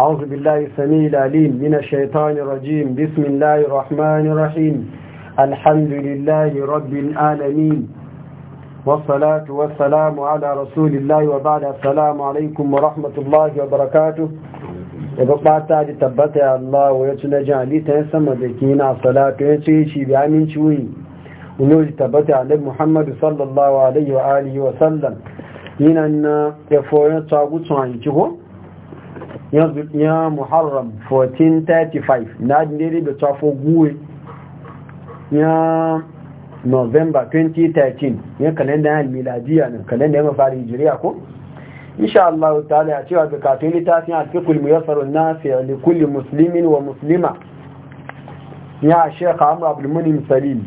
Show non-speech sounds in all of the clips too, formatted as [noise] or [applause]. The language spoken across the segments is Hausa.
أعوذ بالله السميع العليم من الشيطان الرجيم بسم الله الرحمن الرحيم الحمد لله رب العالمين والصلاة والسلام على رسول الله وبعد السلام عليكم ورحمة الله وبركاته وبعد تعالي تبت الله ويتنجع جعلي تنسم دكينا الصلاة ويتشي بعمين شوي ونوج تبت على محمد صلى الله عليه وآله وسلم من أن يفوين تاغوتوا عن جهو ya muharram 1435 na daidai da tafo guwe ya november 2013 ya kalenda ya miladiya ne kalenda ya mafari hijiriya ko insha Allah ala ya cewa bukatun littafin al-fiqh ya faru na fiye kulli musulmin wa muslima ya sheikh Amr Abdul Munim Salim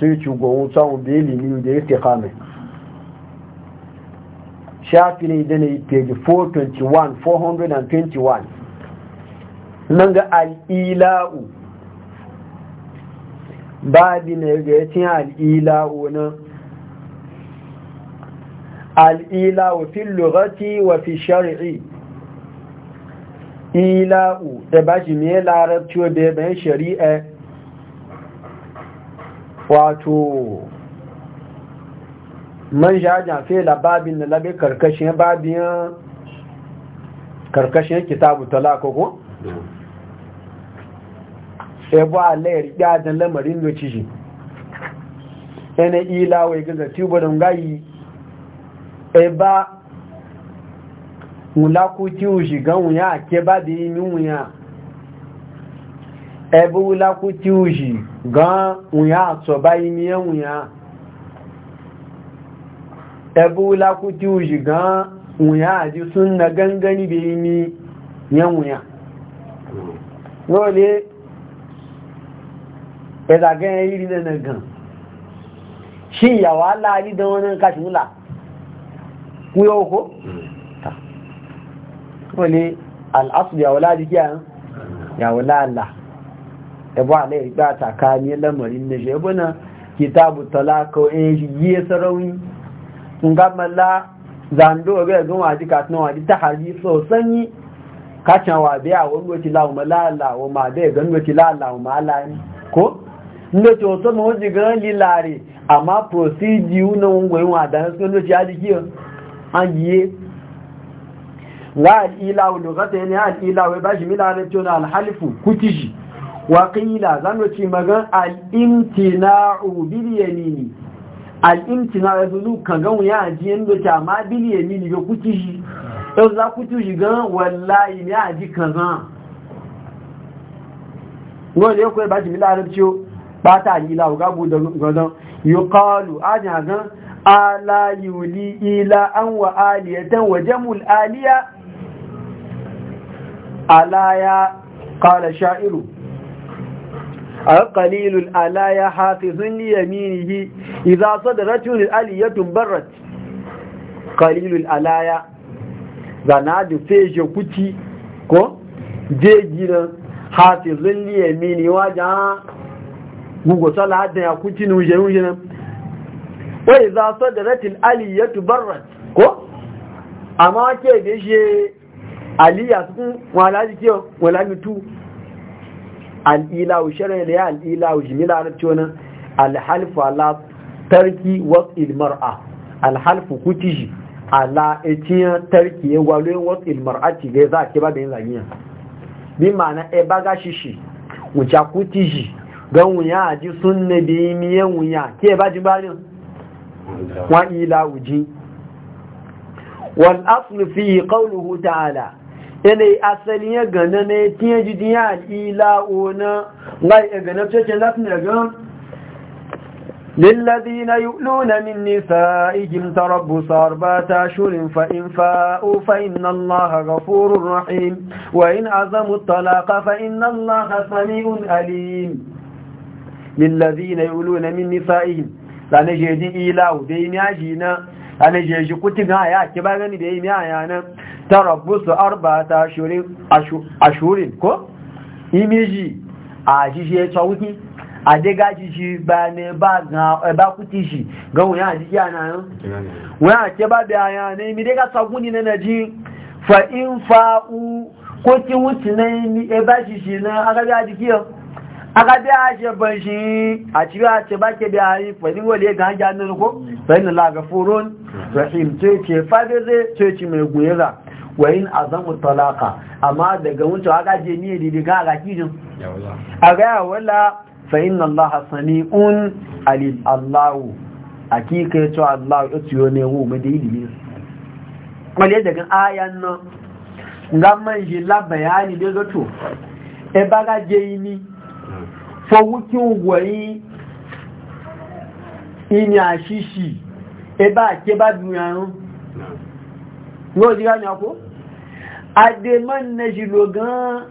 sai ci gowon tsawon da ya da kamar. shafi ne da na yi page 421 421 nan ga al'ila'u babi na ga ya cin al'ila'u na. al'ila'u fi lurati wa fi shari'i ila'u da ba shi ne larabci wa bayan shari'a wato man jan fela babin na labe karkashin babiyan karkashin kitabu talaka ko ebo alayar gadan lamarin da ciji yana ilawai gaza tubarin gayi eba wulakuti ushigan wuya ke ba da yi min wuya ebe wulakuti ushigan wuya so ba yi miyan wuya ebula ku ti uji gan wuya aji sun na gangani da yi ni yan wuya lole e e na ìrìn shi gan ṣí ìyàwó aláàrí dánwọ́n náà kàṣùmúlà kúrò ókó wọ́n ni al'asu yàwó láàrí kí àrùn yàwó láàlá ẹbọ́ alẹ́ ìgbà àtàkà ní ẹlẹ́mọ̀rí nẹ́ṣẹ́ ẹbọ́ náà yi tọ́lá kọ nga mala zando ga wa waji ka tana waji ta haji so sanyi ka can wa biya wani wati la ma la la wa ma da ga wati la la ma la ko ndo to so mo ji ga li lare amma procedure na won gwen wa da so ndo ji adi ki an yi wa al ila wa lugata ne al ila wa bashi mila ne to na al halifu kutiji wa qila zan wati magan al imtina'u bil yamini al'imtina ya zunu kan gan wuya ajiyen da ta ma biliye mini ga kuci shi yau za ku ci gan wallahi ne aji kan zan wani ya kuwa ba shi mila arabci ba ta alila ga bu da gadon yi kalu a hagan ala yuli ila an wa aliyatan wa jamul aliya ala ya kala sha'iru qalilun ala ya hafizun li yaminihi idza sadaratun aliyatun barrat qalilun ala ya zana da feje kuti ko je gina hafizun li yamini waja gugo sala da ya kuti nu je nuje nan wa idza sadaratil aliyatu barrat ko amma ke da je aliya sun wala jike wala mitu al'ilawu shirin da ya al'ilawu jimila na cewa alhalfu ala tarki wasu ilmar'a alhalfu kutiji ala etiyan tarki ya gwaloyin wasu mara ci ga za a ke ba da yin zagiya bi ma'ana e baga shishi wuce kutiji don wuya a ji sun na biyi miyan wuya ke ba ji bayan wa ilawu ji wal aslu fi qawluhu ta'ala yana yi asalin ya gana na ya tiye jidin ya ila ona lai a e gana cikin latin ya gan lillazi na yi luna min nisa igin tarabu sarba ta shurin fa’in fa’ufa’in nan laha ga furun rahim wa yin azamu talaka fa’in nan laha sami’un alim lillazi na yi luna min nisa igin ta na jejin ila ube ya na ta na jeji kutu ga ya ki bagani da yi ya yanan tarabbusu arba'ata ashurin ashurin ko imiji a jije tsawuki a daga jiji ba ne ba ga eh, ba kuti shi ga wuya jiji ana nan wuya ke ba bi ya ne mi daga tsawuni na naji fa in fa'u ko ki wuti na ni e ba shi na aka ga jiki aka da shi ban shi a ci ba ce ba ke da yi fa ni wale ga ga nan ko fa inna la gafurun mm. rahim ce ce fa zai ce ce mai guyera wayin azamu talaka amma daga wuce aka je ni da daga aka kijin a ga wala fa inna allaha sami'un alim allah hakika yato allah ya tiyo ne wu mu da ilimi wale daga ayan nan ngamman ji la bayani da zato e baga je ni fo wuki ugwayi ini ashishi e ba ke ba dunyanun yóò jí ránì ọkú adémọ́n na e jìlò gan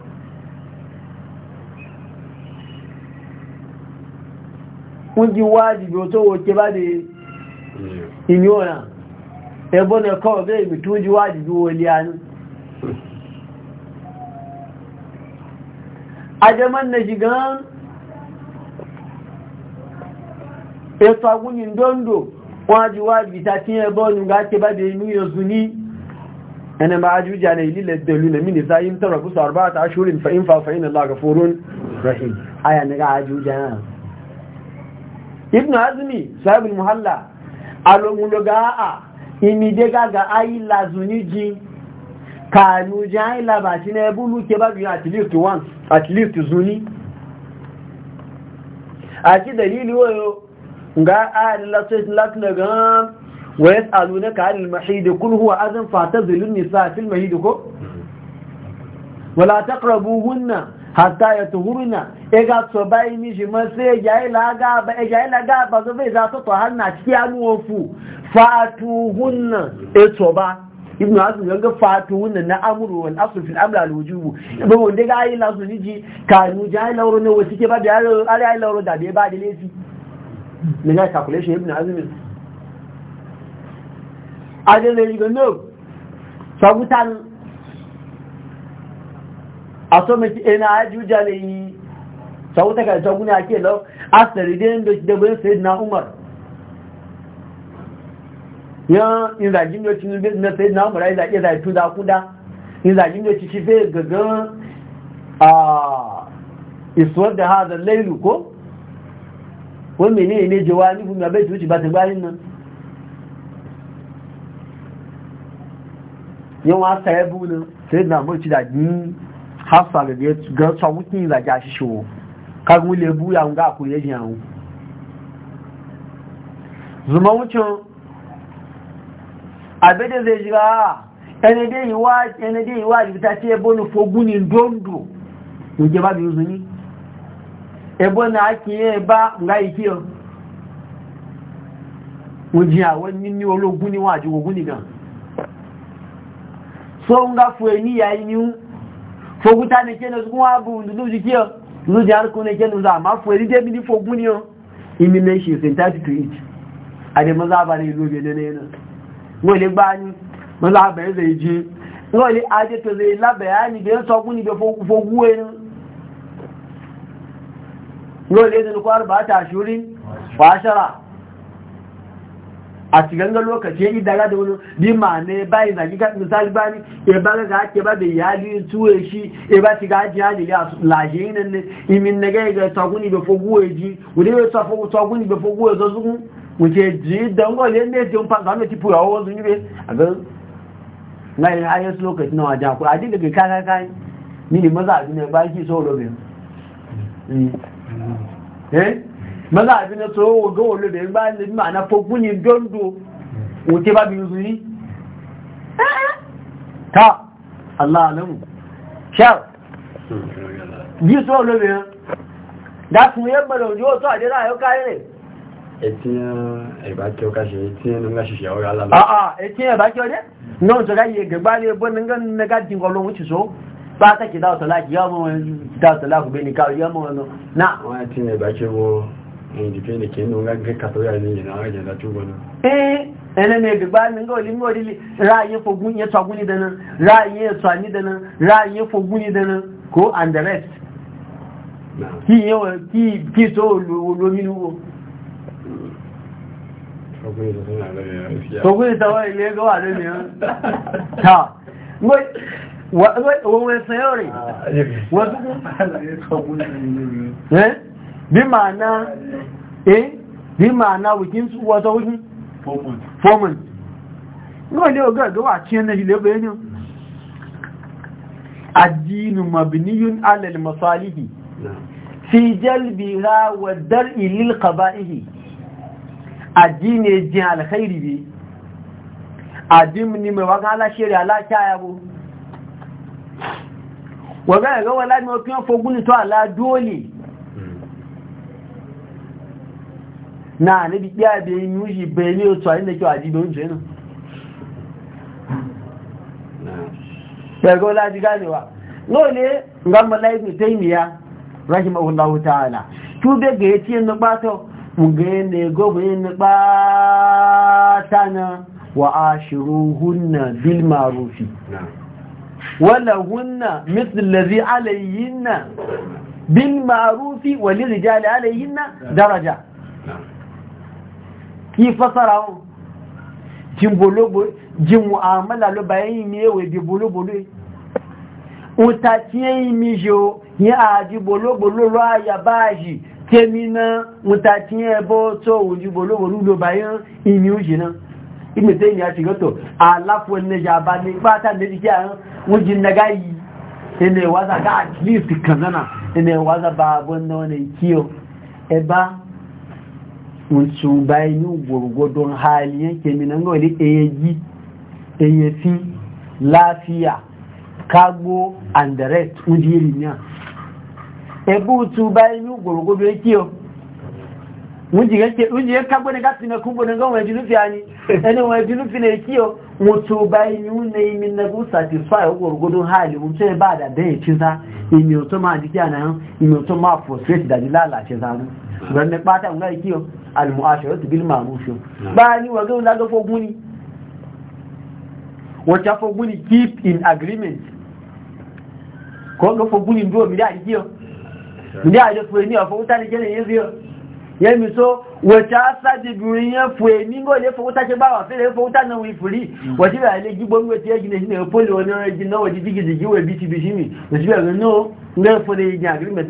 jí wá dìbò tó wò ké bá dé ìní ọ̀nà ẹbọ́n na ọ̀bẹ́ ìbì tó jí wá dìbò wọlé anú adémọ́n na jì ètò agúnyìn dọ́ndọ̀ wọ́n jí wá gá bá dé inú ana ma ajuja ne lile dalu ne mini za yin tara busa ta ashurin fa in fa fa inna allaha ghafurun rahim aya ne ga ajuja ibnu azmi sahibul muhalla alomu loga'a imi de gaga ayi lazuni ji ka nu jai la ba ti ne bulu ke ba gbin at least once at least zuni a ti dalili ga a ni na gan wa yas'alunaka المحيد mahid هو اذن adhan النساء في المحيد ولا ko wala يطهرن hatta yatuhurna ega so bai mi ma sai yayi laga ba yayi laga ba zo ciki anu ofu fatuhunna ba ibnu azm yanga fatuhunna na amru wal asl fil amr al wujub ba wanda ga yi lasu ji kanu jayi lauro ne wasi ba da ai lauro da be ba da lesi ga calculation azm adẹ́lẹ̀ ìgbẹ̀ náà sọ̀gútán asọ́mẹ́tí ẹna ajújá lè yí sọ̀gútàkà ìṣọ́gún ake àkíyà lọ asẹ̀rẹ̀dẹ́ ń lọ́tí dẹgbẹ́ sẹ́dì na umar yán ìrìnàjí ní oṣù ní na umar ìlàjẹ́ ìlà ìtúdakúdá ìrìnàjí ní oṣù ṣífẹ́ gẹ̀gán ìṣọ́dẹ̀ ha ne lẹ́rù kó wọ́n mẹ́ ní ilé jẹwa nígbùn nan? yawa sa ya bunin sai na mulki da ni hafsa ga ga tsawukin da ga shi shiwo ka mu le buya mun ga ku yaji yawo zuma wucin abede zai jira ene dai yiwa ene dai yiwa ta ce bonu guni dondo. mu je ba bi uzuni ebo na akiye ba nga ikiyo mu ji awon nini ologun ni wa ji ogun ni gan so nga fueni ya inyu foguta ne kene zuwa bu ndu jikio ndu jar ko ne kene za ma fueni de mini fogun yo imi ne shi sentati to it ade maza ba ne lo gele ne na ngo le gba ni maza ba ze ji ngo le ade to ze la be ani be so kun be fogu fogu e ngo le ne ko arba ta shurin fashara a cikin ga lokaci ya idara da wani bi ne bayi na gika misali bani ni e ba ga ake ba da yali tuwe shi e ba ti gaji ya dili a laje nan ne imin na ga ga be fogu e ji wuri be sa be fogu e zo zugu ji da ngo ne ti umpa ga me ti pura o zuni a ga na yin lokaci na wajen ku a da daga kaka kai mini maza ki hmm. eh maza abin da tsoron wagon wani da ya ba da ma'ana fogbuni dondo wuce ba biyu zuri ta Allah alamu shar bi tsoro lo da fun ye gboro jo to da la yo kare re etin e ba ti o ka se etin nga se se o ga la de no to ga ye gba le bo nga na ga lo wuti so ba ta ki da to la ki ya mo da to la ku be ni ka ya mo no na wa etin e ba wo ẹni na ẹgbẹ̀gbà ní ọ̀lẹ́ ní orílẹ̀ ráyẹ fogún yẹ tọ́gún ní dáná ráyẹ ẹ̀tọ́ ní dáná ráyẹ fogún ní dáná kó and the rest kí yẹ wọ kí tó olóminúwò fogún ìtawọ́ ilé ẹgbẹ́ wà lónìí wọ́n wọ́n sẹ́yọ́ rẹ̀ wọ́n tó kún bí máa ná eh bí máa ná wikín wọ́tọ́ wikín foreman ne lé ọgá ìgbówà tí ẹnà ilé bẹ̀rẹ̀ ní àdínú mabiniyun alẹ́lẹ̀ masalihi fi jẹ́lbìra wà dar ilil qaba'ihi àdínú ji alkhairi bí Addin ni mai wákan aláṣẹ́rẹ̀ aláṣáyàwó wọ̀gá ìgbówà láti mọ́ kí wọ́n fogun ní tó àlá na níbi pé àbẹ̀ inú yìí bẹ̀ ní oṣù àrílẹ̀kẹ́ àjíbẹ̀ oúnjẹ náà pẹ̀lú láti gáàlẹ̀wà lóòlé gbọ́nmọ́lá ìgbì tẹ́yìnìyà rahim ahùláwù tààlà tí ó tí ẹnu pátọ̀ mùgẹ́ ní daraja kí fásara wọn jí mu'amala ló bá yìí ní èwè bí bolóboló ń e. ta tí e yìí mi ṣe o ní àjí bolóboló lọ àyà báyìí tẹ́mi náà ń ta tí yẹ bọ́ tó òun jí bolóboló ló bá yìí ìmì òjì náà ìgbètè ìyà ṣìgọ́tọ̀ aláfọ́ ẹnẹ́jà bá ní pátá méjì kí àrùn wọ́n jí nàgá yìí ẹnẹ́ wázà ká at least kànáà ẹnẹ́ wázà bá abọ́ náà ní kí ọ mutum bayanin gwargwadon hali yanke minan gawali ɗayayi ɗayafi lafiya kago and the rest ujiri niya ebe mutum bayanin gwargwadon yake yau mutum yake kago ne gasi na kumbo na gawon wajen nufi ani ẹni wajen nufi na yake yau mutu bayan yuna yi min na gusa ti fai gwargwadon hali mutu ya e ba da daya ci sa imi otu ma jiki a nan imi otu ma frustrate da lalace sa mu ran ne pata nga yi kiyo almu'ashara tu bil ma'ruf ba ni wa ga ga foguni wata foguni keep in agreement ko ga foguni ndo mi da kiyo mi da je foguni afo utani gele yezio yẹmi tó wẹ̀tí asájìbìnrin yẹn fò èmi ngọ́ ilé ṣe bá wà fílẹ̀ fòwútá náà wí fìrí wọ̀tí rà ilé jígbó ní wẹ̀tí ẹgbìnrin sínú ìpólì onírẹ́jì náà wẹ̀tí dígìdìgì wẹ̀ bí ti bí sími wẹ̀tí rẹ̀ náà ngẹ́ fòdè ìjìn agreement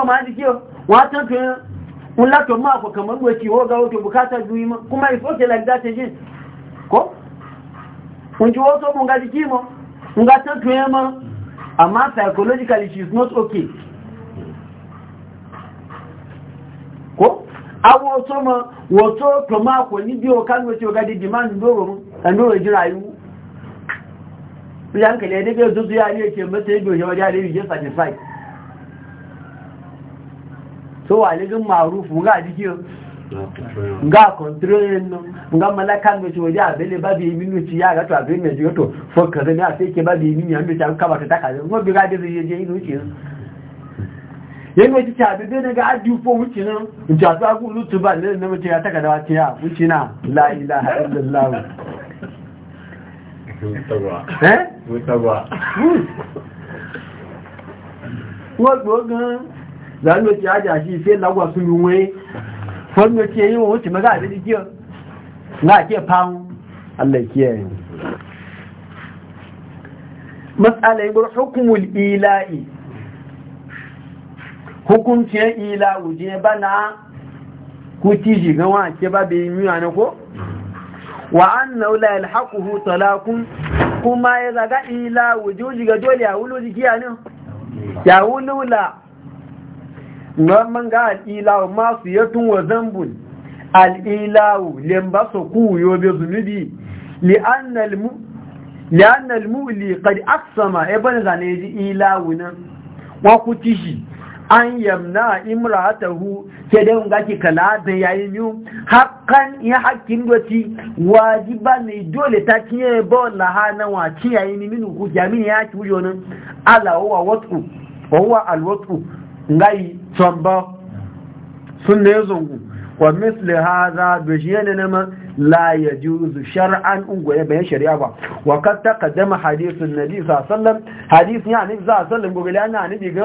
lọ ń un lato ma ko kamar goci ho ga wato bukatar duyi ma kuma it's okay like that again ko un ji wato mun ga jiki mo mun ga ta tuye amma psychologically she is not okay ko awo to ma wato to ma ko ni bi o kan wato ga di demand ndoro ndoro ji rayu yan kale da ga zuzu ya ne ke mata yi gojewa da ya satisfied so wa marufu ga dikiyo nga control no nga malaka no ci waja bele ba bi minu ya ga to abin ne jigo to fo ka ne a ke ba bi minu an ta ka ba ta ka ngo bi ga de je je inu ci yen wo ci ta bi de ga adu fo no ba ne ya ta ya na la ilaha illallah Za a ti aja shi sai lagwa sun yi yuwe fonu ti yi wo ti maga da dikiyo na ke pam Allah kiyaye mas'ala ibur hukumul ila'i hukunci ila wuje bana kuti shiga wa ke ba bai miya na ko wa an annahu la yalhaquhu talaqun kuma ya zaga ila wuje shiga dole ya wulu jikiya ne ya wulu la man ga al'ilawu masu ya tun wa zambun al'ilawu lemba su kuyo bai zunubi li'annal mu'li kadi aksama ebe zane ji ilawu nan wakuti shi an yamna imra'atahu Ke dai mun gaki kala da yayi miyu hakan ya hakkin doci wajiba ne dole ta kiye ba laha na wa ci yayi minu ku jami ya ki wujo nan ala wa alwat'u ngai tsamba sunna ya zungu wa misli hadha bi shiyana nama la yajuzu shar'an ungo ya bayan shari'a ba wa kad taqaddama hadithun nabi sallallahu hadith ya nabi sallallahu alaihi wasallam gobe lana nabi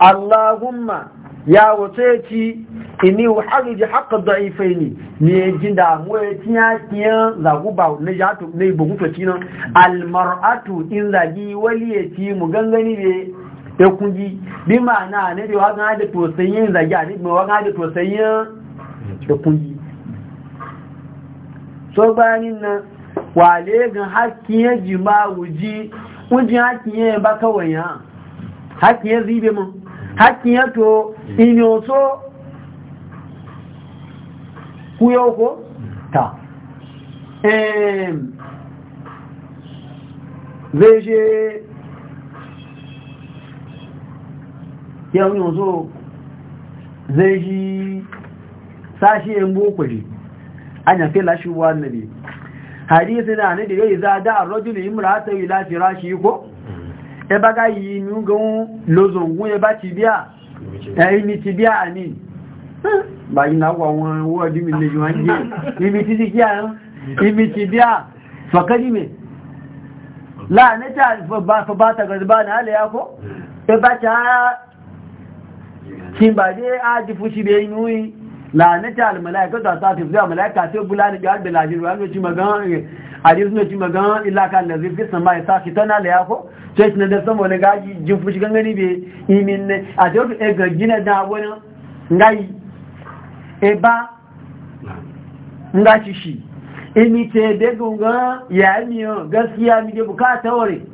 Allahumma ya wace ini wa hariji haqqa da'ifaini ne jinda da mu tiya tiya zagu ba ne ya to ne bugu to cinan al mar'atu in zagi waliyati ya ci mu gangani be ya kuji bi ma'ana ne da wa wakan da tosayin zagi a ne wa wakan da tosayin ya kuji so bayanin nan wale gan haƙƙin ya ji ma wuji wujin haƙƙin ya ba kawai ya haƙƙin ya zibe mun haƙƙin ya to inyoto kuyo ko ta zai je yawon yanzu zai ji sashi yin bokwari an yafe lashi wannan ne hadisi na ne da yayi za da arrojulu imrata ila firashi ko e baga yi nu gan lozongun e ba ti bia e mi ti bia ani ba yi na wa won wo di mi le yuan je mi ti ti ni mi ti bia fa la ne ta fa ba fa ba na ale ya ko e ba ta shi ba dai aji fushi bai nuyi lanata almalaika ta ta tafi zuwa malaika sai ne magan hadis ne ci magan illa kan da zai sama ya sa tana la yako sai ne da sama ne gaji jin fushi gangani be imin ne a da e ga gina da wani ngai e ba ngashi shi imi e te de gunga ya mi gaskiya mi de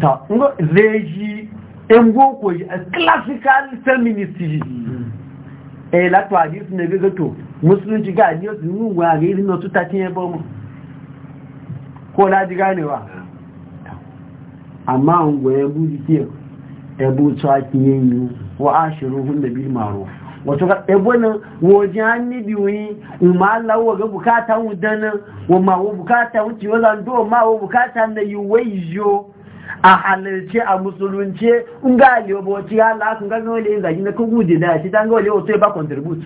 ta ngo zeji en goko a e classical feminist ji e, eh la to hadith ne ga to ji ga ni o nu wa ga no tuta tin ebo ko la ji gane wa amma ngo e bu ji ti e bu to akiyen ni wa ashiruhun bil ma'ruf ga ma ga bukata ma bukata wa ma bukata na yi a halarci a musulunci in ga alibobci ya sun ga wale yin zagi na kogu da da shi ta gawale wato ya ba contribute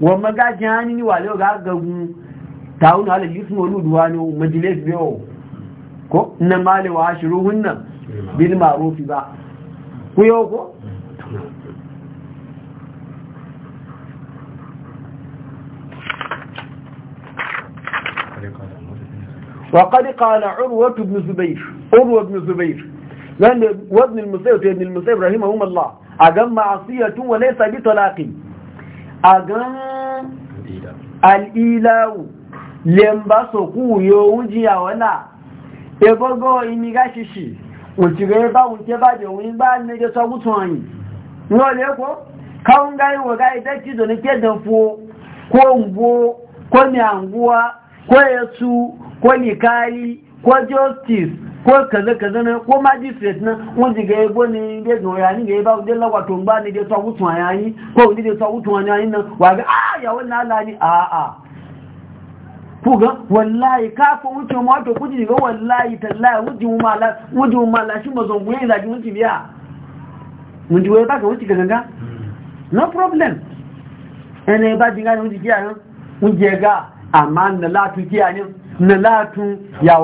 wa magajin hannun ni wale ga gagu ta wuni halar yusuf wani duwa ne majalis biyo ko na malewa shiru hunnan bil marufi ba ku yau ko وقد قال عروة بن زبير عروة بن زبير لأن وابن المسيب وابن المسيب رحمهما الله أقام معصية وليس بطلاق أقام الإيلاو lemba soku yowuji awala ebogo imiga shishi uchige ba unte ba de win ba ne de so gutun yin no le ko ka ga ke ko ko anguwa ko ko nikayi ko justice ko kaza kaza na ko magistrate na wọ́n ti gẹ̀ ẹgbó ni ilé ìgbìmọ̀ ya ní gẹ̀ẹ́bá ọdẹ́ lọ́wọ́ tó ń bá ní ilé tọ́wútùn àyà yín kó ní ilé tọ́wútùn àyà yín náà wà gẹ́ àyàwó lálá ní àà fúgan wàláyì káfọ́ wúti ọmọ ọ̀tọ̀ kújì nìkan wàláyì tàláyì wúti wọn máa láṣí mọ̀sán fún yẹn ìdájí wúti bíà wúti wọ́n bá kà wúti gàgàgá no problem ẹni bá ti wúti kí wúti ẹ̀gá àmà nà na latu ya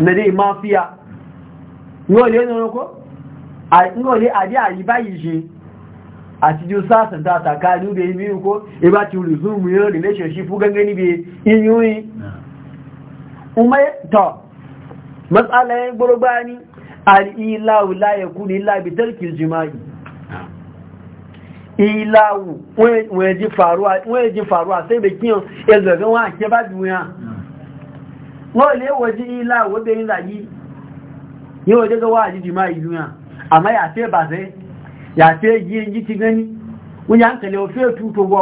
na dai mafiya ngole ne ko a ngole a dai ayi bayi shi a ti ju sasa ta ta ka ni be mi ko e ba ti resume yo relationship gangani be inyuyi umay to masala yin gurgbani al ila la yakuni illa bi tarkil jima'i ilawu wọ́n èjì faruwa sai da kíyàn ẹzọ̀gán wọ́n àkẹ́ bá bí wọ́n wọ́n lè wọ́n jí ilawu obìnrin láyí yíò wọ́n jẹ́gọ́ wọ́n àjíjì máa ìlú yàn àmá yàtẹ́ ti gani wo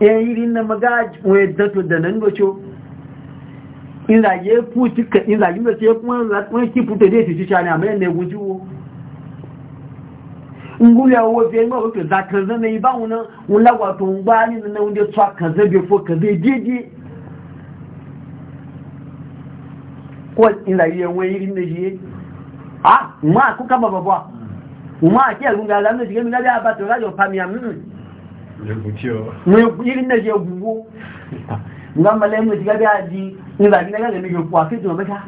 Yan yiri na maga wai dato da nan doce in zage futi ka in zage da sai kuma zakon ki futa dai tici chana amma ne guji wo ngulia wo fe ma ko za kan zan yi ba wona wala wa to ngba ni na wonde tswa kan zan be fo kan zan didi ko in yi, wai yiri ne je ah ma ku ka baba ba ma ki alunga la ne je mi ga ba to ga yo pamia mm yiri na je gugu nga mala yamma jiga biya ji ni ba gina gaga mijo kwa fito mata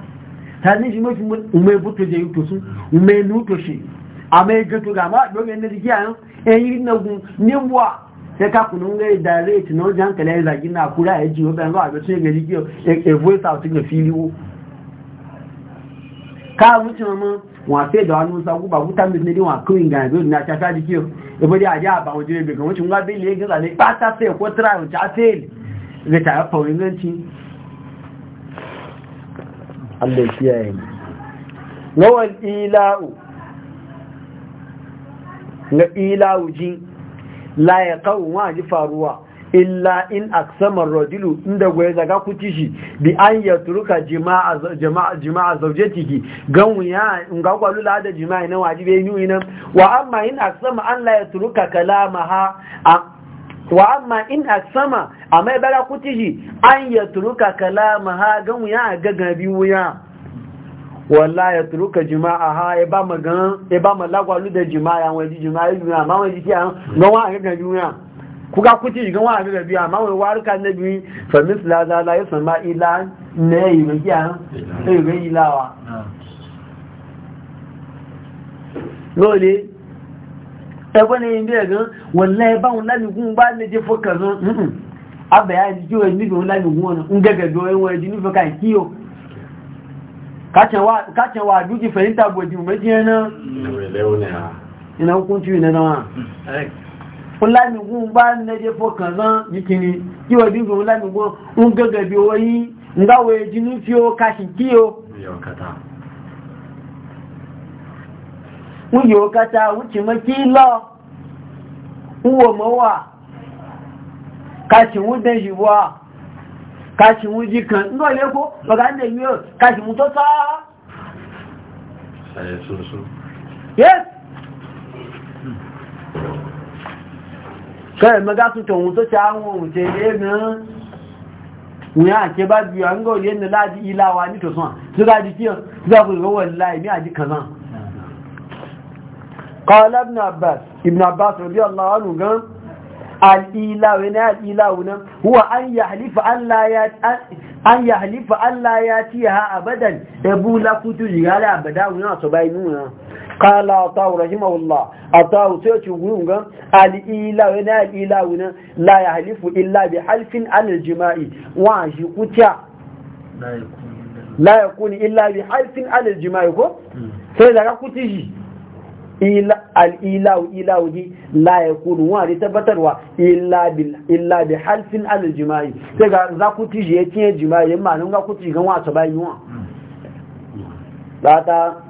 ta ni shi mafi ume buto je yuto su ume nuto shi a mai gato ga ma dogon yadda jiki a yan yiri e na gun ni mwa sai e ka kunun ga direct na wajen hankali ya zagi na kura ya e ji wajen ga abin sun ga jiki ya voice out ga fili wo ka wuce mamman wọn fẹ́ dọ̀ anú sọ gbogbo àgúta mi ní wọn kí ìgbà ìlú ní àṣàṣà di kí o ìbòdí àjá àbàwọn jẹ́ ibẹ̀ kan wọ́n ti ń wá bí ilé gẹ́gà ní pátá fẹ́ ẹ̀kọ́ tíra Allah ya ji faruwa illa in aksamar rajulu inda gwaye zaga kuci shi bi an ya turuka jima'a zauje ciki gan ya ga kwalu da jima'a na wajibe yi nan wa amma in aksama an la ya turuka kalama ha wa amma in aksama a mai bara kuci shi an ya turuka kalama ha gan a ga gabi wuya wala ya turuka jima'a ha ya ba magan ya ba da jima'a ya wani jima'a ya jima'a ma wani jiki a gan wa a ga gabi wuya kuka kuce shigan wa da biya amma wai waruka na biyu fa misla za la yasma ila ne yi biya sai ga ilawa lole ẹgbẹ́ ni ibi ẹ̀gán wọ̀nlá ẹbá wọn lálùgún bá lè jẹ́ fọ́kà rán abẹ̀yà jí o níbi wọn lálùgún ọ̀nà ń gẹ́gẹ̀gẹ̀ ẹwọ̀n ẹ̀dì ní fọ́kà ìkí o káàkẹwà àdújì fẹ̀yìntàbò ìdìmọ̀ méjì ẹ̀nà fúlàmìgún bá nẹ́jẹ́ fọ́kàn rán yìkìní kí wọ́n dínkù fúlàmìgún ń gẹ́gẹ́ bí owó yí ngáwọ̀ ìjínú tí ó kàṣì kí o ń yíò kata wùkì mọ́ kí lọ ń wò mọ́ wà kàṣì wùdẹ̀ yìí wà kàṣì wù jí kan ń gọ́ lẹ́kọ́ ọ̀gá ń dẹ̀ Yes! kẹ́rẹ̀ mẹ́gá tuntun ohun tó ṣe àwọn òṣè lẹ́nà wọ́n yá àṣẹ bá bí wọ́n gọ́ lẹ́nà láti ilá wa nítòsán tó dájú tí ìgbàkùnrinwọ̀ láì an halifa an láyá an ya halifa Allah ya ci ha abadan ebu lakutu jigala abada a su bai nuna kala atawu rahimahullah atawu sai ci gunga al'ila wani al'ila wuna la ya halifu illa bi halfin anil jima'i wa shi kuta la ya kuni illa bi halfin anil jima'i ko hmm. sai daga kuti shi al'ilawu ilawu ji la ya kunu wani tabbatarwa illa bi halfin alal jima'i sai ga za ku tije ya kiyar jima'i yin ma'anin ga ku tije gan wata bayan ta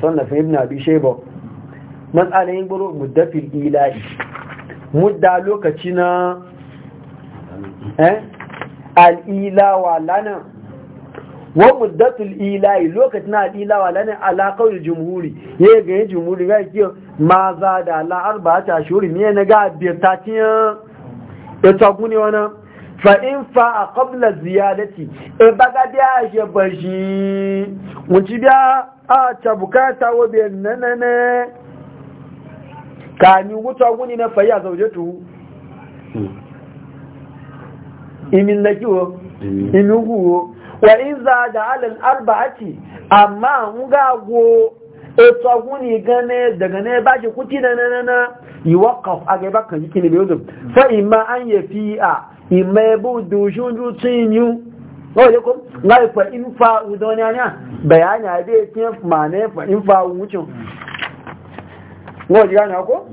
san da fahimna bi sheba matsala yin buru muddafin ila'i mudda lokaci na eh, al'ilawa lanar wa muddatul ilahi lokacin al'ilawa lanin alaƙar jumhuri ya yi ganyen jumhuri ya kiyo ma za da la'ar ba ta shuri ne na ga birta ya ita e ne wani fa'in fa a ƙabla ziyarati e baga biya shi. bashi wuci biya a ta bukata wa biyan nanane ka ni wuta wuni na fayi a zauje tuhu hmm. imin na kiwo hmm. imin huwo wa iza da alal arba'ati amma mun ga eto e aguni gane daga ne ba ki kuti na na na yuwaqqaf aga ba e yiki ne fa imma an yafi'a imma tinyu je ko ngai fa udonya nya bayani tin fa ko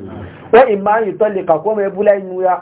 wa imma ko mai bulai nuya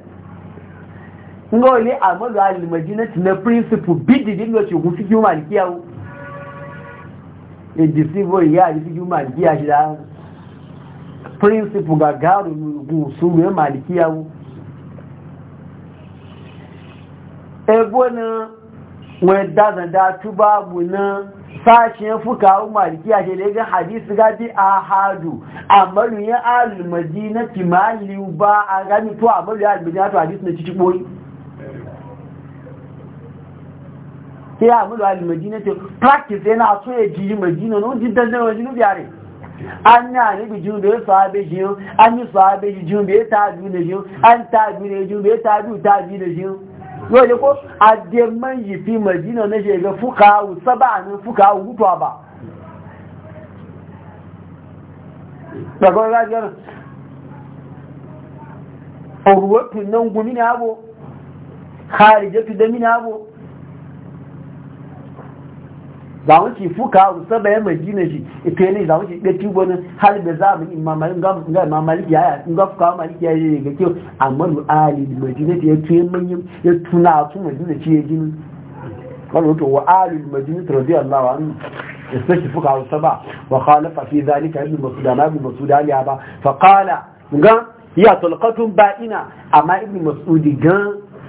ngo ile amalu al-madinati na principle bidi din lo ci ku fi kuma alkiya o e disibo ya di fi kuma alkiya shi da principle ga garu gu su ne malikiya o e na we da da tuba bu na sashen fuka malikiya shi da ga hadisi ga bi ahadu amalu ya al-madinati mali ba a gani to amalu ya al-madinati hadisi na ci ci boyi sai ya mulu al madina to practice yana so ya ji madina na ji dan nan wajin biyare an yi ni bi jun be sahabe ji an ni sahabe ji jun be ta bi ne an ta bi ne jun be ta bi ta bi ne ji yo le ko yi fi madina na je fuka u saba ne fuka u gutwa ba da ko ga ga Oruwa tunan gumi na abu, harijatu da mini abu, Za mu ki fuka saba ya madina shi ita yanayi zawon ki ɗaya tubo nan har da za mu ga mamaliki yaya in ga fuka mamaliki yaya ne ga kyau amma ali da madina ya yake manyan ya tuna a tun madina ce ya gini kan wato wa ali da madina ta rabi allah wa ya saki fuka saba wa khalafa fi zalika ibn masuda na ibn masuda ya ba fa qala ga ya tulqatun ba'ina amma ibn masudi gan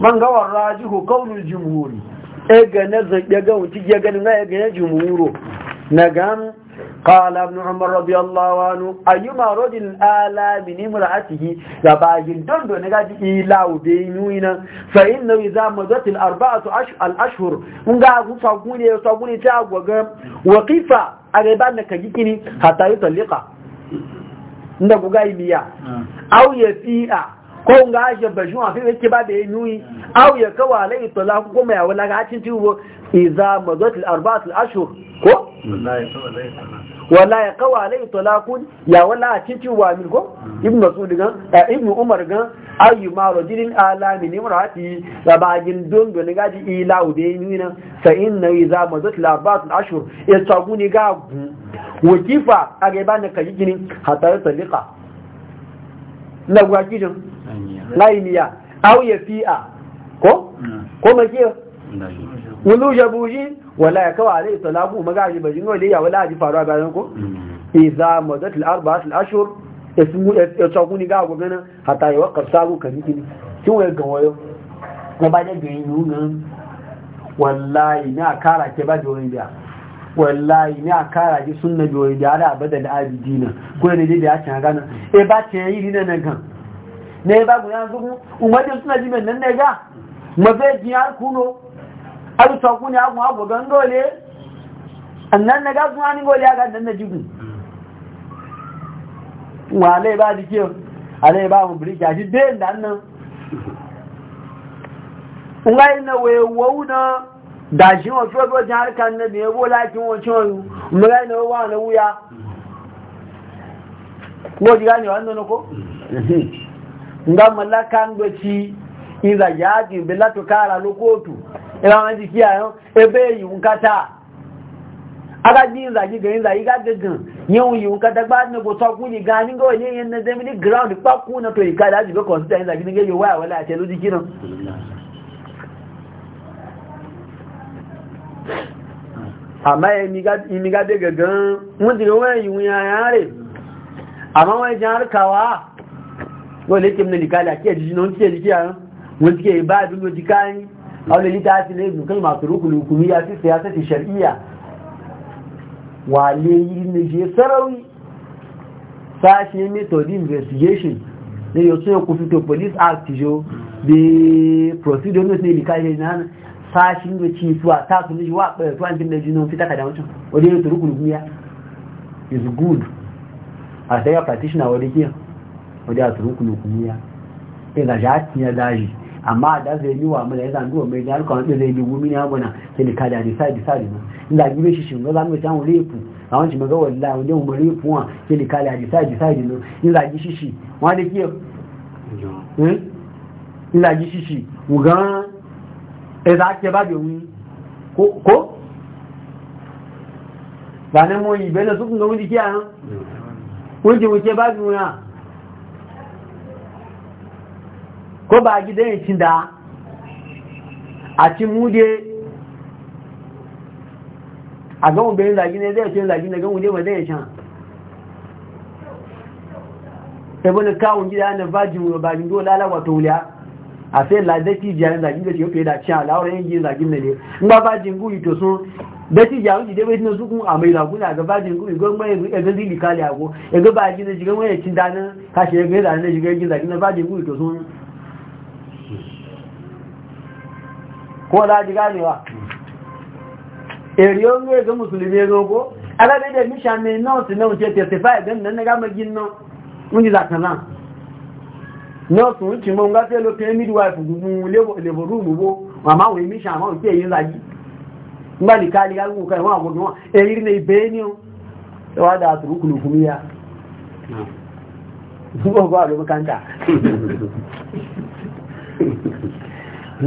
man ga war rajihu qawlul jumhur e ga ne zage ga wuti ga ga ne ga ne jumhuru nagam qala ibn umar radiyallahu anhu ayyuma rajul ala min imra'atihi ya bajin don don ga di ilau de nuina fa inna idha madat al arba'atu al ashhur nga ku fa gune so gune ta gwaga wa qifa are ba ne ka gikini hatta yutallika nda ku ga ibiya aw ah. yafi'a ko nga aje bajun afi ke ba da yuni aw ya kawa lai talaq ko ya wala ga cin tiwo iza mazat al arba'at al ashhur ko wala ya kawa la talaq ya wala cin tiwo min ko ibn mas'ud gan eh, ibn umar gan ayu ma rajulin alami ni marati da don don ga gaji ila u da yuni na fa inna iza mazat al arba'at al ashhur ya taguni ga wakifa a gaiba na kaji gini hatta ya talika na gwajijin laimiya au ya fi'a ko mm. ko makiyo wulu ya buji wala ya kawa alai salamu magaji bajin wale ya wala ji faruwa bayan ko mm. idza madatul arba'atul ashhur ismu ya tsakuni ga gogana hatta ya wakar sabu kan kini kin waye ga wayo ko ba da gani nugan wallahi ni kara ke ba da wani biya wallahi ni akara ji sunna biyo da abada da abidina ko ne da ya ci gana e ba ce yi ni nan gan. ne ba guya mu umadin suna jimin nan ne ga mafe ya kuno arusa kuni agun abu gan dole annan na gasu wani gole ya gan nan na jigu wa alai ba jike alai ba mu biriki a shi dayan da annan ngai na wewo na da shi wa shi wajen harkar na da yabo lakin wacce wani ngai na wa na wuya ko ji gane wannan ko nga mallaka ngoci iza yaji bilato kara lokotu ila wanji kiyayo ebe yi nkata aga ji iza ji ga iza iga gagan yawon yi nkata gba ne ko ta kuni ga ni go ne yin na ground pa ku na to ika da ji be consider iza gini ga yo wa wala ce loji kiran amma imi ga de gagan mun diga wani yi wuya yare amma wani jan harkawa yau lake mini likali a ke jiji na wani wani ba a wani lita hasi ne bukai masu rukun hukumi ya fi siyasa ta shari'a wale yi ne je sarawi sashe method investigation ne yau sun ku fito police act jo bi procedure na sashin da wa wani yau ya is good a ya practitioner wani kiyan wadda a turun kulu ya? sai ga ja tiya daji amma da zai yi wa mala ya zanduwa mai da alkawar da zai yi gumi ne abuna sai da kada ne sai da sai na inda gibe shi shingo za mu ta mu ku. a wancan maga walla wanda mu lefu wa sai da kada ne sai da sai da inda gi shi shi wa da ke inda gi shi shi mu ga e za ke ba da mu ko ko ba ne mu yi bela su kun ga wuri kiya wuri ke ba da mu ko ba gidan yankin da a cin a gan ubeyin zagi ne zai ce zagi na gan mude ba zai yankin ebole kawun gida na bajin wa bajin dole alawa ta wuliya a sai ladaki jiyarin zagi da ke da cin alawar yin gina zagi ne ne ba bajin guyi to sun dati jiyarin jide bai tunan sukun a mai laguna ga bajin guyi gwan mai ega zili kali ago ega bajin da shiga mai cin danin kashe ega zagi na shiga yin zagi na bajin guyi to sun ko za ji ganewa eriyon ne ga musulmi rogo alabe da misha ne na wasu na wuce 35 don nan na gama gina wani zakana na wasu wuce mun ga sai mu midwife gugu leboru gugu mama wai misha ma wuce yin zagi ba ni kali e ya kai wani ko wani eri ne ibe ne yawa da su rukun hukumiya ba [laughs] ba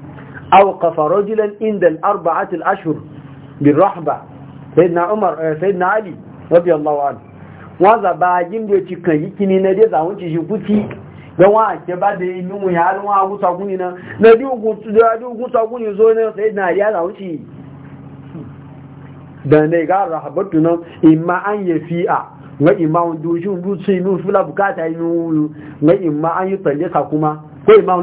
أوقف رجلا عند الأربعة الأشهر بالرحبة سيدنا عمر سيدنا علي رضي الله عنه وذا باجين دو cikin yikini na dai zawun ci shikuti dan wa ke ba da yin mu ya ran wa wuta guni na na da guni zo ne ya zawun ci da ne ga rahabatu nan imma an yafi'a ga imma fula bukata yi nu ga imma an yi tsalle ka kuma ko imma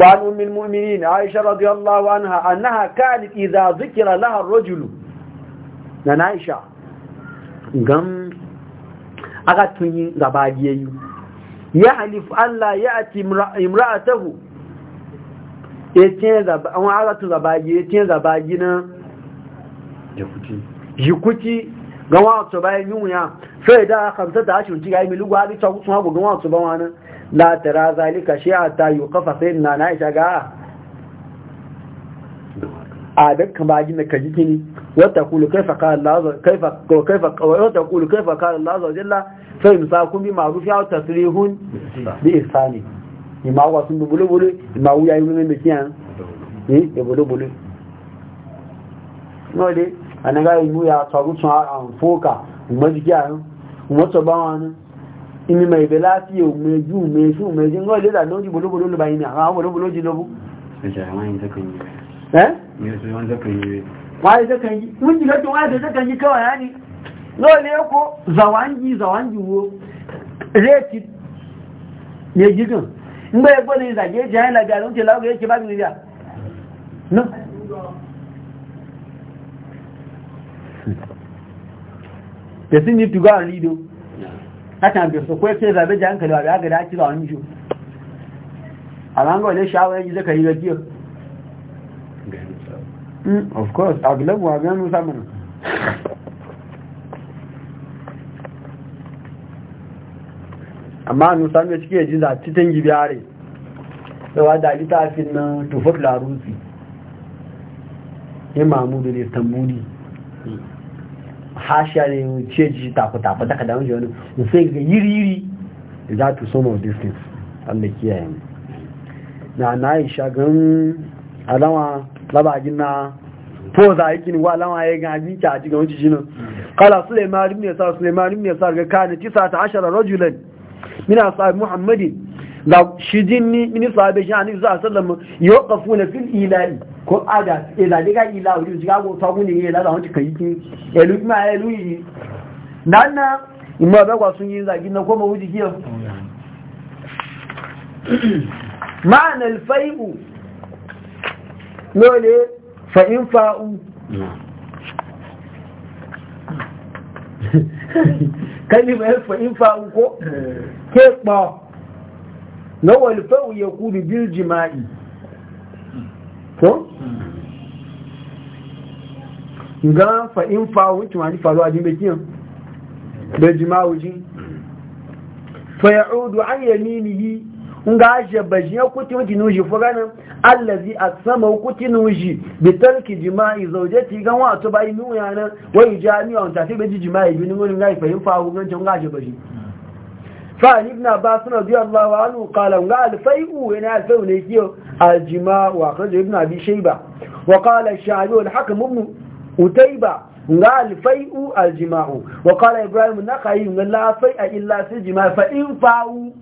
وعن أم المؤمنين عائشة رضي الله عنها أنها كانت إذا ذكر لها الرجل نانا عائشة قم أغتني زباجي يحلف أن لا يأتي امرأته يتين زباجي أو أغتن زباجي يتين زباجي jikuti ga wasu bayan yunwa sai da 50 da ashirin ci ga yi milugu har ita sun hagu ga wasu ba wani la tara zalika shi'a ta yuqafa sayyidina na aisha ga a dukkan ba gina kaji ne. wata kulu kaifa qala Allah kaifa kaifa wata kulu kaifa qala Allah azza jalla fa imsakum bi ma'ruf ya tasrihun bi ihsani ni ma wa sun bulu bulu yi da kiyan eh e bulu yi ya an foka ìmì mẹ̀ ìbẹ̀ láti òmè jù mẹ́ ṣù mẹ́ jí ngọ́ ìlẹ́dà ló jí bolóboló ló bá yìí àwọn bolóboló jí lóbú ngbe egbo ni ìzàgé jẹ́ àìlàgbà ló k'e tẹ láwọ́gẹ́ ẹ̀kẹ́ bá gbìyànjú à náà tẹ̀sí ní tùgbà àrídò haka bai su kwai sai zabe da hankali ba da ga da ake zuwa wani ju amma ga wani shawara yi zaka yi gajiya mm. of course aglabu wa ganu musamman amma nu samu cike jin za titin gibiyare ta da littafin na tufat larusi imamu da ne tambuni hasha ne ceji tafi-tafi daga da wani wani sai ga yiri-yiri za to some of distance things wanda kiyaye na na yi shagun alama labagin na poza za ne wa alama ya yi ga abinci a cikin wajen jinin kala suleiman ne sa suleiman ne sa ga kane tisa ta ashara rajulan mina ashabi muhammadin la shijin ni min abin shi a nisa a sallama yi wasallam na fil ilayi ko ada ìlàdígá ìlà orí òsìkágbò tọ́gún ní ilẹ̀ àwọn ti kàyí kí ẹ̀lú ìmá ẹ̀lú yìí dáná ba ọ̀bẹ́kwà sun yìí ìzàgí na kọmọ wújì kí ọ máa nà ìfẹ́ìbù lóòlé fẹ̀ínfàú kẹ́lìmọ̀ fẹ̀ínfàú kó kéèpọ̀ lọ́wọ́ jima'i. ko ga fa in fa wuce wani faru a jimbe kiyan da jima'uji fa ya udu an yi nga je ya kuti wuti nuji furana allazi asama kuti nuji bi tarki jima'i zawjati gan wa to bai nuyana wai jami'a ta fi bi jima'i bi nuni ngai fa in fa wuce nga je bajiya fa'ani ibn abbas radiyallahu anhu qala ga alfai'u yana alfai'u ne kiyo aljima wa kharaja ibn abi shayba wa qala ash-sha'bi wal hakim ibn utayba ga alfai'u wa ibrahim an-nakhai la fai'a illa fi jima' fa in fa'u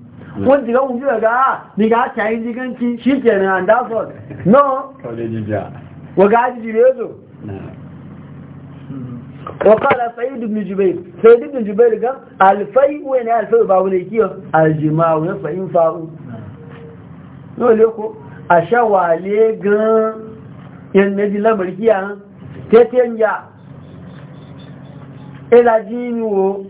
وقال سيد بن جبير سيد بن جبير قال الفي وين الفي باولي كيو الجماع وين فاو نو ليكو ashawale gan yan naji lamarkiya teten ya elaji ni wo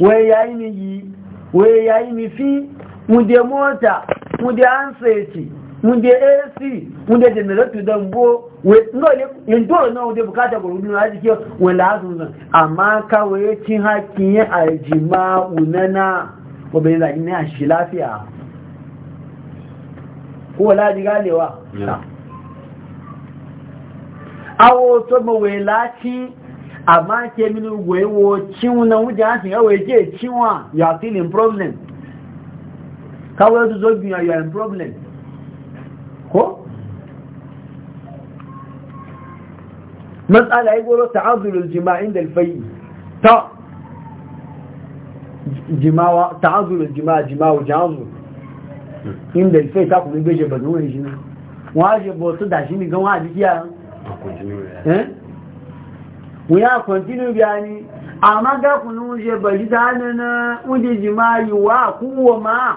we yayi yi fi mu de mota mu de anseti wunde ac wunde generator don bo we ngole indoro na wunde bukata ko rubin haji ke wala azun amma ka waye cin hakkin ya aljima unana ko bai da ina shi lafiya ko wala ji ganewa awo to mo we lati amma na ya problem ka problem ko matsala ya goro ta'azulul jima'in da alfai ta jimawa ta'azulul jima'a jima'a jazu inda alfai ta kuma gbeje ba zuwa shi ne wọ́n a ṣe bọ̀ tó a ní àmágákùnrin ṣe bẹ̀rí sáánà oúnjẹ jimáà yíwá àkúwọ̀ máa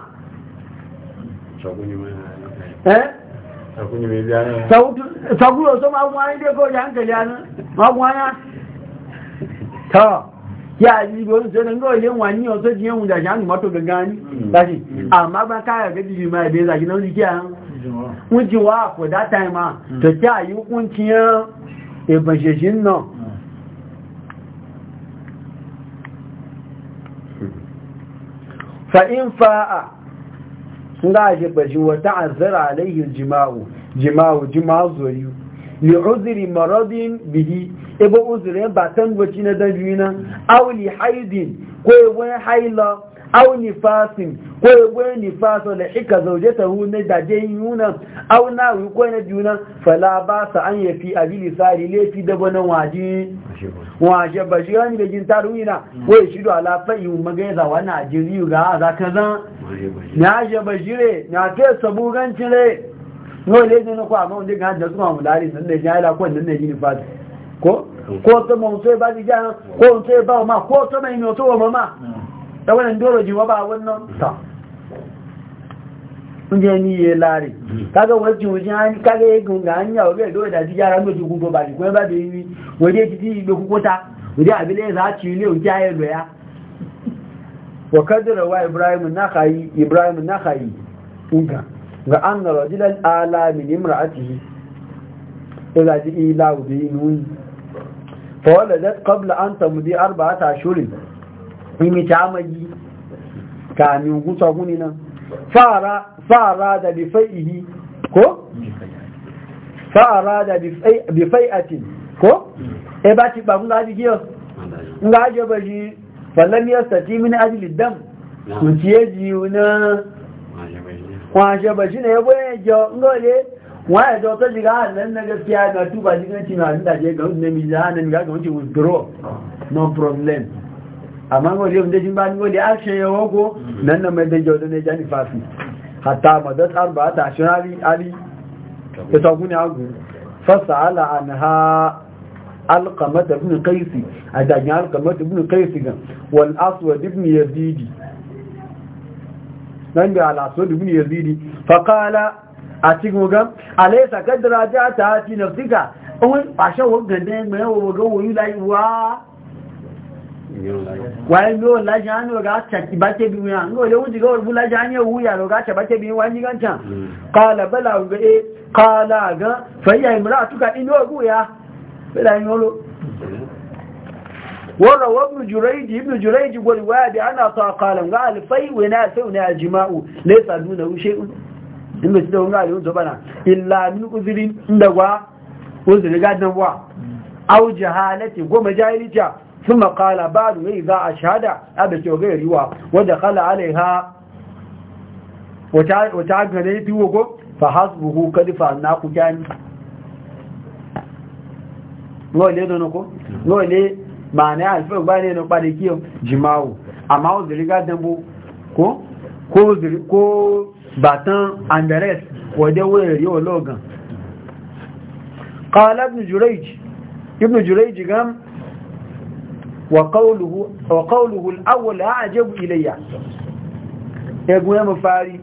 ṣọ̀gbọ́n jimáà saguyo so magwani dai kawai ya hankali yana magwana ta ya yi biyu wani tsoron kawai yin wani yau so jiyan wunda shi hannu mato gangani tashi amma ba kaya ga jiji ma bai zaki na wani kiya wujin wa ko da ta yi ma ta kya yi hukunciyar ibansheshin nan fa'in fa'a nga je baji wa ta'azzara alayhi Jima'u, jima'u jima'u zori yi uzri maradin bihi ebo uzri ba tan na dan auli haidin ko wani haila aw nifasin ko yabo nifaso la hika zaujatahu ne da je yuna aw na wi ko na juna fala ba sa an yafi abili sari le fi da bana waji waje bajirani be jin tarwina ko shi do ala fa yu magaza wana jiriyu ga za kaza na je bajire na ke sabugan cire no le ne ko amma wanda ga da su ma mulari nan ne ya ila ko nan ne jin fasi ko ko to mo so ba ji jan ko to ba ma ko to mai no to ma ma hmm. da wannan doro ba wannan ta ǹjẹ́ ní iye láàrin kágẹ́ wọ́n jí òjì kágẹ́ egun ga ń yà orí ẹ̀dọ́ ìdájí yára lójú gbogbo bàjì kún yi bèé rí wòdé títí ìgbé kúkúta wòdé àbílẹ̀ ìsáàtì ilé òjì ayẹ̀lọ ya wọ̀kẹ́dẹ̀rẹ̀ wa ibrahim náhàyí ibrahim náhàyí ǹgà ga an nọ̀rọ̀ jílẹ̀ alami ní mìíràn àti yìí ìlàjì ìlà òdì inú yìí fọ́ọ̀lẹ̀ an tàmùdí arba'ata shurin mimi ta amaji kamin gusa guni na? fara da bifaihi ko? fara da bifai'atin ko? e ba ti ɓaru ga ajiyar Nga ajiyar ba shi falamiyar sati mini ajiyar dam kuciye jiyu na kwashe ba shi ne ya goye jiyo ngole waya da wata shiga nan na gaskiya na tuba shi ganci na hannun da je ga hannun na mijiya hannun ga ga wuce withdraw no problem amma wajen wanda jin bani wanda ya ce yawo ko nan na mai dangi wadda na jani fasi hatta madat arba ta Ashirin, ali ya ta ne agu fasa ala an ha alkamata ibn kaisi a dangin alkamata ibn kaisi ga wal aswad ibn yazidi nan da al aswad ibn yazidi faƙala a cikin gan alaisa kaddara ja ta hati nafsika ohun ashe wa gandan mai yawo ga woyi layuwa wáyé ló lájá ní ọ̀gá àtàkìbáṣẹ́ bí wọ́n ní olè oúnjẹ gọ́ọ̀rùn lájá ní òwú yàrá ọ̀gá àtàkìbáṣẹ́ bí wọ́n ní gáńtà kọ́ọ̀lá bẹ́lá ọ̀gá kọ́ọ̀lá gan fẹ́yà ìmúra àtúkà inú ogún ya bẹ́lá inú oló da uzirin wa au ثم قال بعد إذا أشهد أبت وغيروا ودخل عليها وتعقل يتوقع فحسبه ko? فعلناه كان wọ́n lè dánukú wọ́n lè ma ní àìfẹ́ ògbà ní ẹnu padà kí jìmáwò àmá ó zìrí gádánbó kó bàtán andres wọ́dẹ́wọ́ èrí قال ابن جريج ابن جريج قام وقوله وقوله الاول اعجب الي يغوي مفاري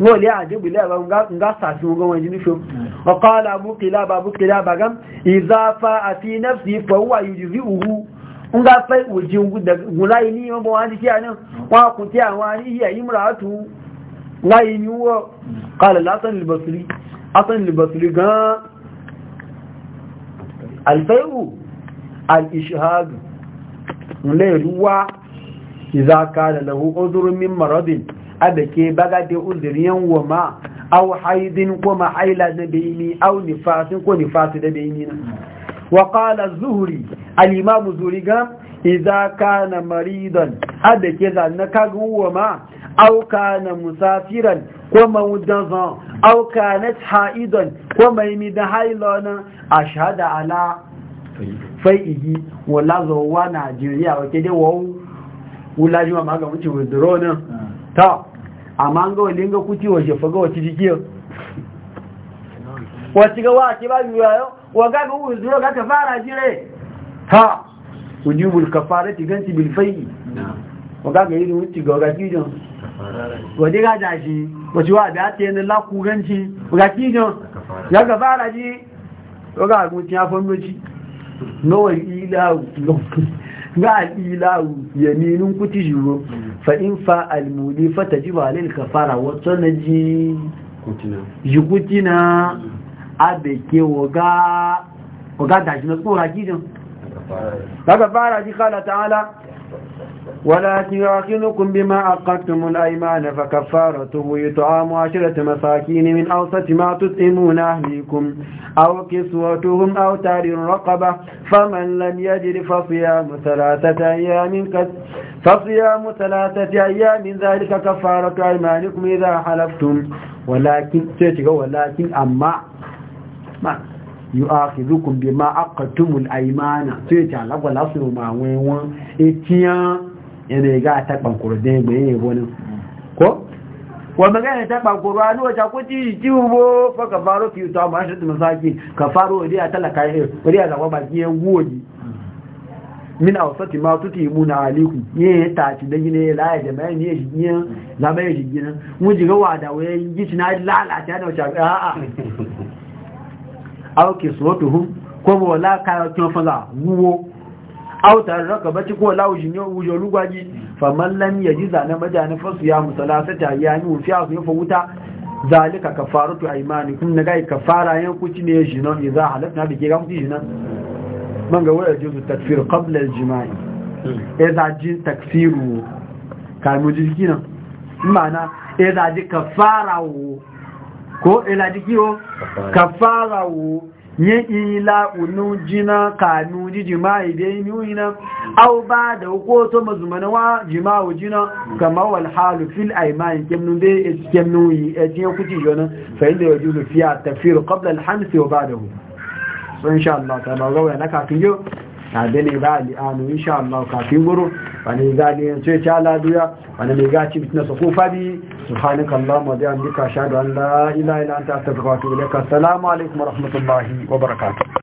ngoli ajibu ila ba nga nga sasi ngo wanji nisho wa qala abu qilaba abu qilaba gam idha fa fi nafsi fa huwa uhu. nga fa uji ngu da gulai ni mo wanji ti anan wa ku ti awan iya imratu la yiwo qala la san al basri asan al basri ga al fa'u al-ishhadu le ruwa idza kana lahu udhrun min maradin adake bagade udhriyan wa ma aw haidin ko ma da bayni aw nifasin ko nifasi da bayni wa qala az-zuhri al-imam zuhri ga idza kana maridan adake na kaga wa ma aw kana musafiran ko mawdazan aw na haidan ko na? midahailana ashhadu ala fai igi wọ́n lázọ wá nàìjíríà wọ́n Wula wúlájú ma ga wuce withdraw nan ta amma an ga wani ga kuti wa shefa ga wacce jikiyar wacce ga wa ce ba biyu yayo wa ga ga withdraw ga ka fara jire ta wujubul kafara ti ganti bil fai'i wa ga ga yi wuce ga ga kijin wa dai ga dashi wacce wa da ta yana laku ganci ga kijin ya ga fara ji wa ga mutum ya fandoci nawa ilahu ga ilahu yaminin kuti jiro fa in fa almudi fa tajibu alil kafara wato na ji jikutina abeke waga waga dashi na kuma rajijin daga fara ji kala ta'ala ولا تياخذكم بما عقدتم الأيمان فكفارته يطعام عشرة مساكين من أوسط ما تطعمون أهليكم أو كسوتهم أو تاري رقبة فمن لم يجد فصيام ثلاثة أيام فصيام ثلاثة أيام ذلك كفارة أيمانكم إذا حلفتم ولكن ولكن أما ما يؤاخذكم بما عقدتم الأيمان تيجي على ولا ما وين وين yana ga a bankuru dai gbe ne wani ko wa magana ta bankuru an wata kuti jiwo fa ka faro fi ta ma shi masaki ka faro dai a talaka ne bari a zama baki yan min awsati ma tutimuna aliku ye ta da gine la ya jama'a ne shi ne la mai shi gina ji ga wada waye yi na lalata da wata a a auki suwatuhum ko wala hụ kin autar raka baci ko lawujin yau wujo lugwaji faman lam ya ji zane majanin fasu ya musalasa ta ya yi wufiya su yafa wuta zalika kafaratu aimani kun na gai kafara yan kuci ne jino ne za a halatta da ke ga mutu jina man ga wayar jizu takfir qabla jima'i ya hmm. e za ji takfiru kamu jiki nan ma'ana ya e za ji kafara wo ko ya e za ji kiwo kafara wo yin ila unu jina kanu ji jima'i da yin yi au ba da hukoto mazumanawa jima'u jina kama wal halu fil aimayin kemnu da ya kemnu yi a cikin kuci jonan fa'in da ya ji lufiya tafiyar kabla alhamsi wa ba da hu sun sha Allah ta ba gawai na kafin yau abin ne ba a li'anu insha Allah kafin guru wani ga ne yanzu ya ci aladuya wani mai gaci bitina su kofa su hannun kallon mazi an duka sha da wanda ila ila an ta tafi wato salamu alaikum wa rahmatullahi wa barakatu